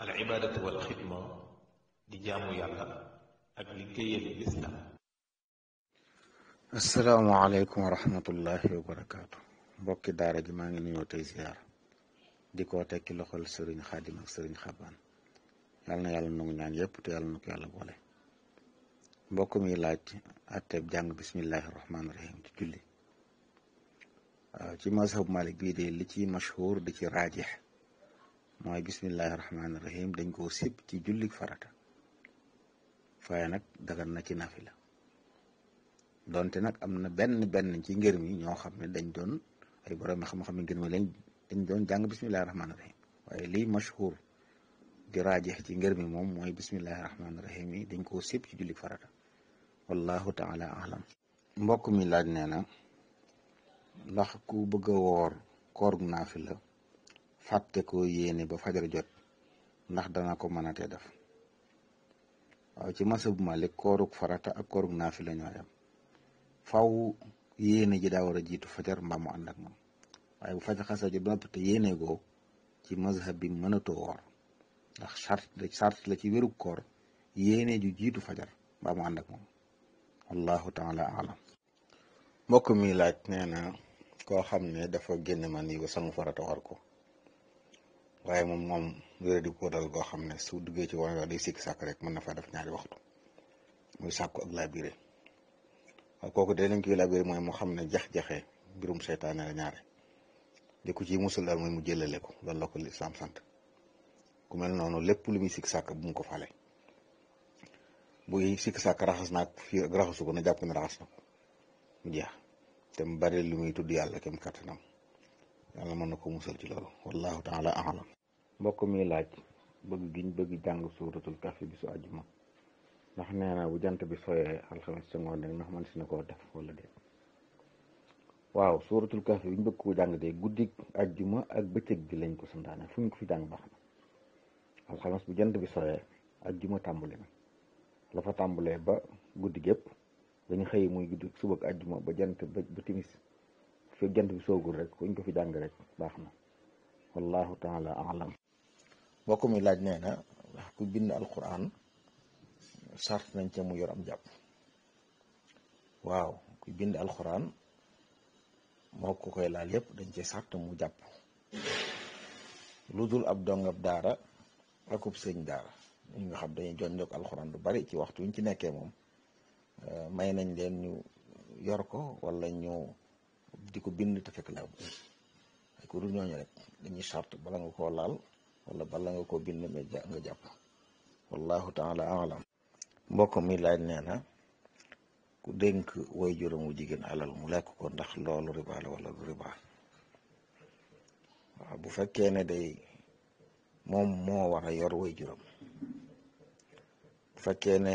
al ibaadatu wal xidma di jaamu yàlla ak liggéeyal lislam asalaamaaleykum wa rahmatullahi wa barakaatu mbokki daara ji maa ngi nuyoo tey ziar di ko tekki loxol sëriñ xaadim ak sëriñ xabaan yàlla na yàlla nangu ñaan yépp te yàlla na ko yàlla boole mbokk mi laaj atteeb jàng bismillahi rahmaani rahim ci julli ci mazhab malik bii de li ci mashhur di ci raajix mooy bismillahi rahmaani rahim dañ koo sib ci jullik farata waaye nag dagan na ci nafila donte nag am na benn benn ci ngër mi ñoo xam ne dañ doon ay borom xam-xam ne mi lañ dañ doon jàng bismillahi rahmaani rahim waaye lii mashhur di ci ngër mi moom mooy bismillahi rahmaani rahim yi dañ koo sib ci jullik farata wallahu taala alam mbokk mi laaj nee na ndax ku bëgg a woor koorgu nafila fàtte ko yéene ba fajar jot ndax dana ko mënatee def waaw ci masa bu Malik koorug farata ak koorug naafi la faw yéene ji daa war a jiitu fajar mbaa mu ànd waaye bu fajar xasa jot te yéene goo ci mazhab bi mënatoo ndax charte la ci wérug kor yéene ju jiitu fajar mbaa mu ànd ak moom wallahu taala alam mbokk mi laaj nee na xam ne dafa génn man yi ba farata war ko waaye moom moom wéra di ko dal goo xam ne su duggee ci woon day sikki sàkk rek mën na fa def ñaari waxtu muy sàkku ak labiré waaw kooku de lañ koy labiré mooy mu xam ne jax-jaxe mbirum seytaane la ñaare li ci musul daal mooy mu jëlale ko loolu la ko lislaam sant ku mel noonu lépp lu muy sikk sàkk bu mu ko fale buy sikk sàkk raxas naag fii ak raxasu ko na jàpp ne raxas na ko mu jeex te mu bari lu muy tudd yàlla kem kattanam yàlla mën na ko musal ci loolu wallahu taala alam mbokk mi laaj bëgg giñ bëgg jàng suuratul kahfi bi su àjjuma ndax nee bu jant bi sooyee alxames sa ndax man si na koo def wala déet waaw suuratul kahfi bi ko jàng dee guddik àjjuma ak bëccëg gi lañ ko santaane fu ñu ko fi jàng bu jant bi sooyee àjjuma tàmbale na la ba guddi gépp dañu xëy muy guddi subak àjjuma ba jant ba timis fekk jant bi soogul rek kuñ ko fi jàng rek baax na wallahu taala alam mbokk mi laaj nee na ndax ku bind alquran sart nañ ca mu yor am jàpp waaw ku bind alquran moo ko koy laal yépp dañ cee sart mu jàpp lu dul ab dongab daara akub sëñ daara ñi nga xam dañuy jon jog alxuraan lu bari ci waxtu ñu ci nekkee moom eh, may nañ leen ñu yor ko wala ñu di ko bind te fekk laaw ay ku dul ñooñu rek dañuy charte bala nga koo laal wala bala nga koo bind mais nga jàpp wallahu taala alam mbokk mi laaj nee na ku dénk woy juróom wu jigéen alal mu lekk ko ndax loolu riba la wala du riba waaw bu fekkee ne day moom moo war a yor woy juróom bu fekkee ne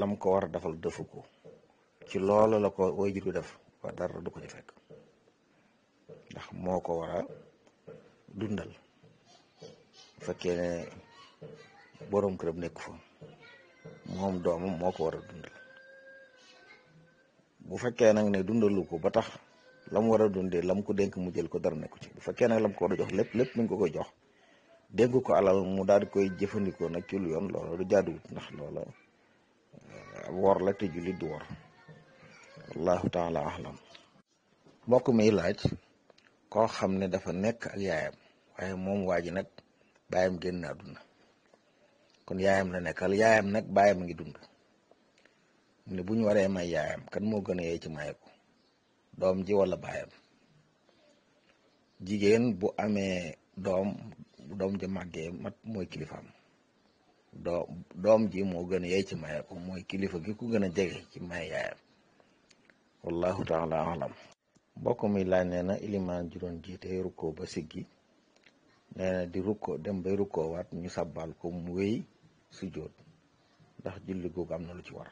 lam ko war a defal defu ko ci loolu la ko way jur def ba dara du ko ci fekk ndax moo ko war a dundal bu fekkee ne boroom këram nekk fa moom doomam moo ko war a dundal bu fekkee nag ne dundalu ko ba tax la mu war a dundee la mu ko denk mu jël ko dara nekku ci bu fekkee nag la mu ko war a jox lépp lépp mi ngi ko koy jox dénk ko alal mu daal di koy jëfandikoo nag ci lu yoon loola du jaaduwut ndax loola eh, wor la te jullit du wor wallahu taala ahlam mbokk mi laaj koo xam ne dafa nekk ak yaayam waaye moom waa ji nag baayam génn àdduna kon yaayam la nekkal yaayam nag baayam ngi dund ne bu ñu waree may yaayam kan moo gën a yee ci maye doom ji wala baayam jigéen bu amee doom doom ja màggee mat mooy kilifaam doom ji moo gën a yee ci maye mooy kilifa gi ku gën a jege ci maye yaayam wallahu taala alam mbokk mi laaj nee na ilimaan ju doon ba siggi nee di rukkoo dem bay rukkoo ñu sabbal ko mu wéy sujjóot ndax julli googu am na lu ci war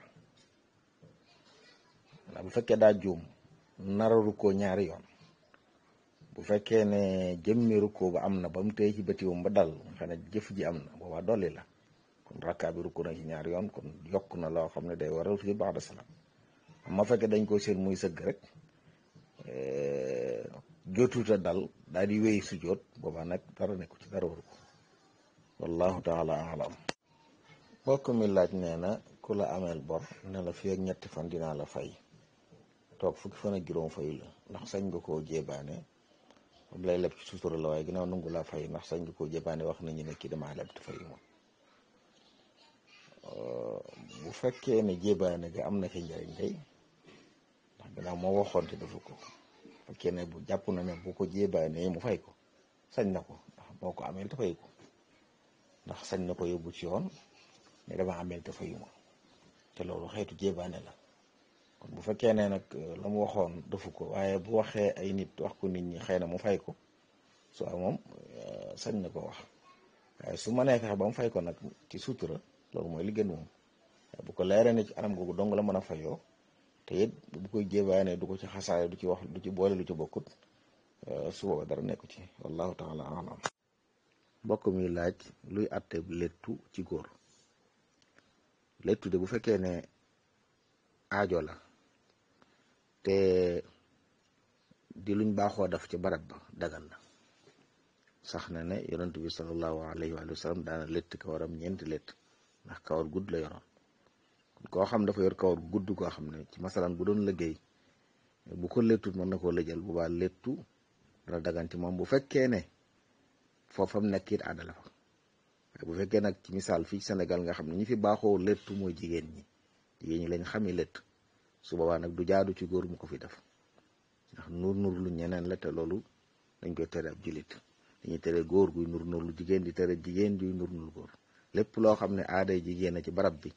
bu fekkee daa juum nara rukkoo ñaari yoon bu fekkee ne jëmmi rukkoo ba am na ba mu téye ci bëtiwam ba dal nga xam ji am na boobaa dolli la kon rakkaa bi rukkoo na ci ñaari yoon kon yokk na loo xam ne day waral sujjóot ba'da salaam ma fekke dañ ko seen muy sëg rek eh, jotuta dal daal di wéy su joot boobaa nag dara nekku ci dara waru ko wallahu taala alam mbokk mi laaj nee na ku la ameel bor ne la fi ñett ñetti fan la fay toog fukki fan ak juróom la ndax sañ nga koo jébaane moom lay leb ci sutura la waaye ginnaaw nangu fay ndax sañ nga koo jébaane wax nañu ne kii damaa fayu moom bu fekkee ne jébaane ga am na ci njëriñ day gannaaw moo waxoon te defu ko fekkee ne bu jàpp na ne bu ko jéebaa ne mu fay ko sañ na ko ndax moo ko ameel te fay ko ndax sañ na ko yóbbu ci yoon ne dama ameel te fayu te loolu xeetu jéebaane la kon bu fekkee ne nag euh, la waxoon defu ko waaye bu waxee ay nit wax ko nit ñi xëy na mu fay ko su moom euh, sañ na ko wax waaye su ma nee fexe ba mu fay ko nag ci suutura loolu mooy li gën moom bu ko leeree ne ci anam googu dong la mën a fayoo te it du ko ci xasaare du ci wax du ci boole lu ci bokkut euh, su booba dara nekku ci wallahu taala alam mbokk mi laaj luy àtteb léttu ci góor léttu de bu fekkee ne aajo la te di luñ baaxoo def ci barab ba dagan na sax na ne yonent bi sallallahu alayhi wa sallam daana létt kawaram ñeenti létt ndax kawar gudd la yoroon koo xam dafa yor kawar gudd koo xam ne ci masalan bu doon liggéey bu ko lettut mën na koo lëjal bu baa lettu dana dagan ci moom bu fekkee ne foofam nekk it aada bu fekkee nag ci misaal fii senegal nga xam ne ñi fi baaxoo lettu mooy jigéen ñi jigéen ñi lañ xami lett su boobaa nag du jaadu ci góor mu ko fi def ndax nur nur lu ñeneen la loolu dañ koy tere ab jullit dañuy tere góor guy nur nur lu jigéen di tere jigéen juy nur nur góor lépp loo xam ne aaday jigéen a ci barab bi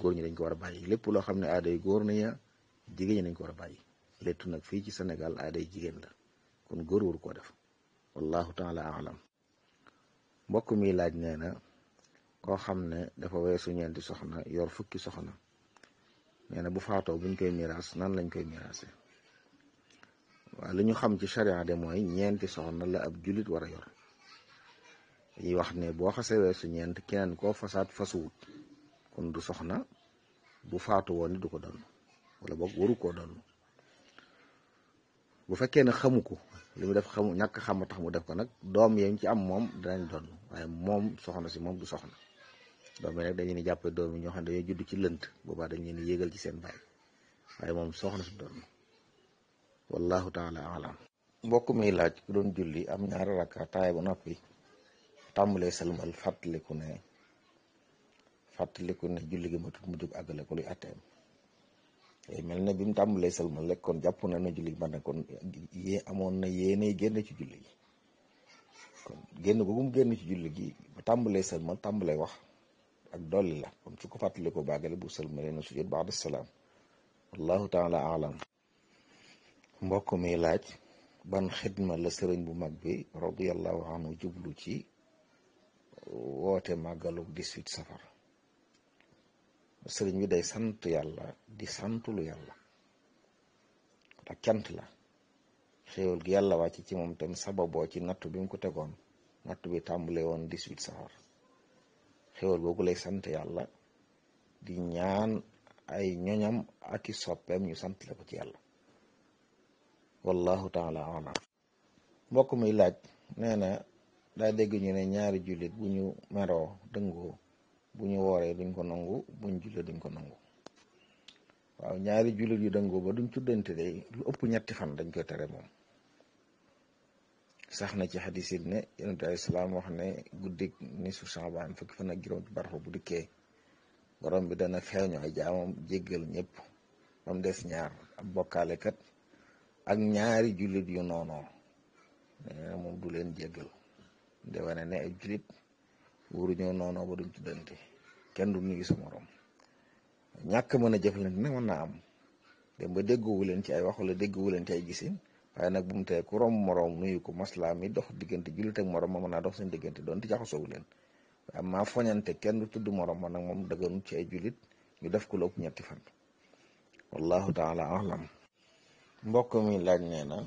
góor ñi dañ ko war a bàyyi lépp loo xam ne aday góor nañu jigéen ñi dañ a bàyyi léttu nag fii ci Sénégal aaday jigéen la kon góor waru koo def wallahu taala alam mbokk mi laaj nee na koo xam ne dafa weesu ñeenti soxna yor fukki soxna nee na bu faatoo buñ koy miraas nan lañ koy miraase waaw li ñu xam ci charia de mooy ñeenti soxna la ab jullit war a yor dañuy wax ne boo xasee weesu ñeent keneen koo fasaat fasuwut kon du soxna bu faatu woon ni du ko doon wala boog waru koo doon bu fekkee ne xamu ko li mu def xamu ñàkk xam ma tax mu def ko nag doom yem ci am moom danañ doon waaye moom soxna si moom du soxna doom yi nag dañu ni jàppee doom yi ñoo xam ne dañoo judd ci lënt boobaa dañu leen yéegal ci seen baay waaye moom soxna si doon wallahu taala alam mbokk mi laaj ku doon julli am ñaari rakka taay ba noppi tàmbalee sëlmal fàttaliku ne fàttaliku ne julli gi matut mu jóg àggale ko luy atteem eh, mel na bi mu tàmbalee sëlmal rek kon jàpp na ne julli gi man na kon yée amoon na yéenay génn ci julli gi kon génn googu génn ci julli gi ba tàmbalee sëlmal tàmbalee wax ak dolli la kon su ko fàttaliku baagale bu sëlmalee na sujjóot ba'da salaam wallahu taala alam mbokk mi laaj ban xidma la sëriñ bu mag bi radiyallahu anhu jublu ci woote màggalu 18 safar sëriñ bi day sant yàlla di santulu yàlla ak cant la xéewal gi yàlla wàcc ci moom tam sababoo ci nattu bi mu ko tegoon nattu bi tàmbalee woon dix-huit safar xéewal googu lay sant yàlla di ñaan ay ñoñam ak i soppeem ñu sant la ko ci yàlla wallahu taala alam mbokk mi laaj nee na daa dégg ñu ne ñaari julit bu ñu meroo dëngoo bu ñu wooree duñ ko nangu buñ jullee duñ ko nangu waaw ñaari jullit yu dangoo ba duñ tuddante day lu ëpp ñetti fan dañ koy tere moom sax na ci xadis it ne yonent bi salaam wax ne guddig ni su saabaan fukki fan ak juróom ci barxu bu dikkee bi dana feeñu ay jaamam jéggal ñëpp ba mu des ñaar ab bokkaalekat ak ñaari julit yu noonoo nee moom du leen jéggal de wane ne ay jullit waruñoo noonu ba duñ tuddante kenn du nuyu sa morom ñàkk mën a jëflante nag mën naa am dem ba déggowu leen ci ay wax wala déggowu leen ci ay gisin waaye nag bu mu tee ku romb morom nuyu ko maslaa mi dox diggante jullit ak morom ma mën dox seen diggante doon ti jaxasoowu leen maa foñante kenn du tudd morom ma nag moom daganu ci ay jullit ñu def ku lu ëpp ñetti fan wallahu taala alam mbokk mi laaj nee na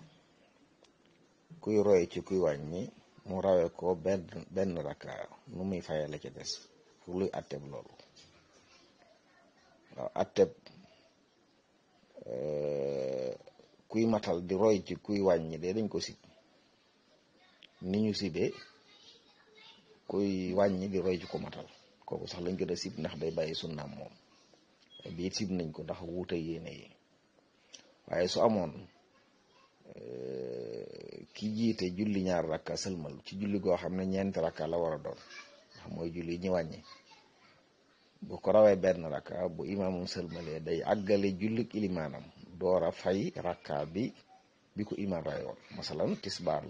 kuy roy ci kuy wañ wàññi mu rawee ko benn benn rakka nu muy fayee la ca des ak luy atteb loolu waaw atteb eh, kuy matal di roy ci kuy wàññi de dañ ko sib ni ñu sibee kuy wàññi di roy ci ku matal kooku sax lañ gën a sib ndax day bàyyi sunnaam moom bii sib nañ ko ndax wuute yéene yi waaye su amoon Eh, ki jiite julli ñaar rakka sëlmal ci julli goo xam ne ñeent rakka la war a doon ndax mooy julli ñi wàññi bu ko rawee benn rakka bu day àggale jullik ilimaanam door a fay rakka bi bi ko imaam masalan tisbaar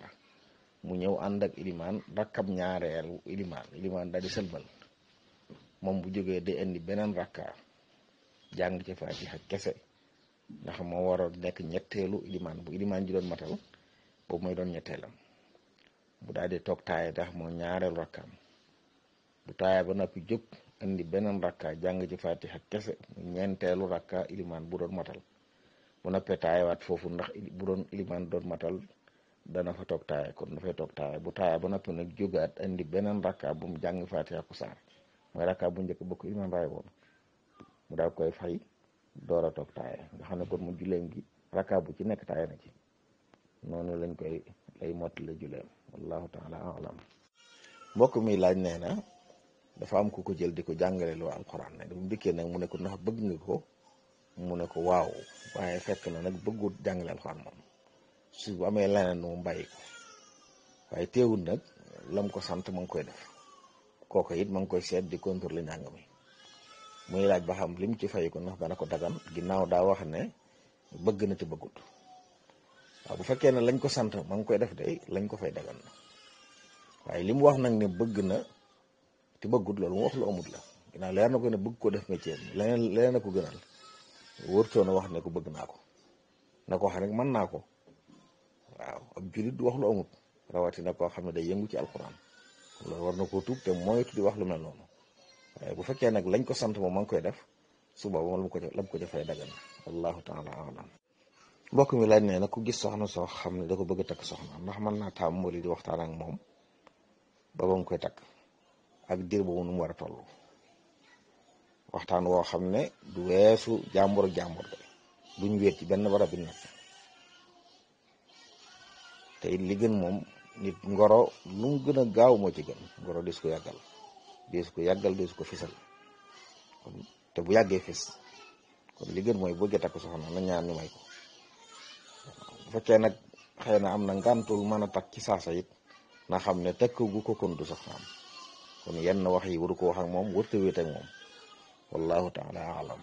mu ñëw ànd ak ilimaan rakkam ñaareelu ilimaan ilimaan daal moom bu jógee day indi beneen rakka jàng ci faatiha kese nga xam moo waroon nekk ñetteelu ilimaan bu ilimaan ji doon matal boobu mooy doon ñetteelam bu daal di toog taaya moo ñaareelu rakkaam bu taaya ba noppi jóg andi beneen jàng ci fatiha kese ñeenteelu rakka ilimaan bu doon matal bu noppee taayawaat foofu ndax bu doon ilimaan doon matal dana fa toog taaya kon dafay toog taaya bu taaya ba noppi nag jógaat andi beneen rakka bu mu jàng fatiha ku saar mooy rakka bu njëkk bokk ilimaan raay woon mu daal koy fay door toog taaye nga xam ne kon mu julleem gi rakka bu ci nekk taaye na ci noonu lañ koy lay motti la julleem wallahu taala alam mbokk mi laaj nee na dafa am ku ko jël di ko jàngale loo alxuraan ne bu dikkee nag mu ne ndax bëgg nga ko ne ko waaw waaye fekk na nag bëggut jàngale alxuraan moom su bu amee leneen mu bàyyi ko waaye teewul nag lam ko sant ma ngi koy def kooku it ma ngi koy seet di contrôler njàng mi muy laaj ba xam lim ci fayeku ndax dana ko dagan ginnaaw daa wax ne bëgg na te bëggut waaw bu fekkee ne lañ ko sant ma ngi koy def de lañ ko fay dagan na waaye li wax nag ne bëgg na te bëggut loolu mu wax lu amut la ginnaaw leer na ko ne bëgg ko def métier leneen leneen na ko gënal wërtoona wax ne ko bëgg naa ko na ko wax rek mën naa ko waaw ab julit du wax lu amut rawatina koo xam ne day yëngu ci alxuraan loolu war na koo tuub te moytu di wax lu mel noonu Eh, bu fekkee nag lañ ko sant moom ma ngi koy def su boobu moom la mu ko la mu ko defee dagan wallahu taala alam mbokk mi laaj ne nag ku gis soxna soo xam ne da ko bëgg a takk soxna ndax mën naa taam mari di waxtaan ak moom ba ba koy takk ak diir boobu mu war a toll waxtaan woo xam ne du weesu jàmbur ak jàmbur de duñ wéet ci benn barab bi nag te it li gën moom nit ngoro lu gën a gaaw moo ci gën ngoro dis ko yàggal deesu ko yàggal deesu ko fisal kon te bu yàggee fis kon li gën mooy bëgg takk soxna na ñaan ñu may ko bu fekkee nag xëy na am na ngàntul mën a takk ci saasa it na xam ne takk gu ko kon du soxnaam kon yenn wax yi waru ko wax ak moom warut a wéet ak moom wallahu taala alam